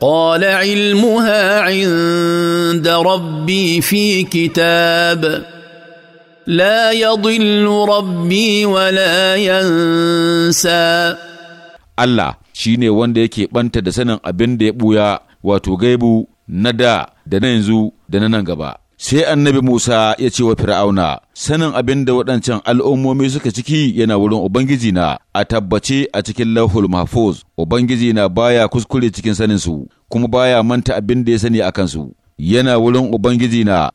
قال علمها عند ربي في كتاب لا يضل ربي ولا ينسى الله shine wanda yake ɓanta da sanin abin da ya ɓuya wato gaibu na da da na yanzu da na nan gaba sai annabi Musa ya ce wa Fir'auna, sanin abin da waɗancan al'ummomi suka ciki yana wurin Ubangiji na a tabbace a cikin lahul mahfuz, Ubangiji na baya kuskure cikin saninsu, kuma baya manta abin da ya sani a kansu, yana wurin Ubangiji na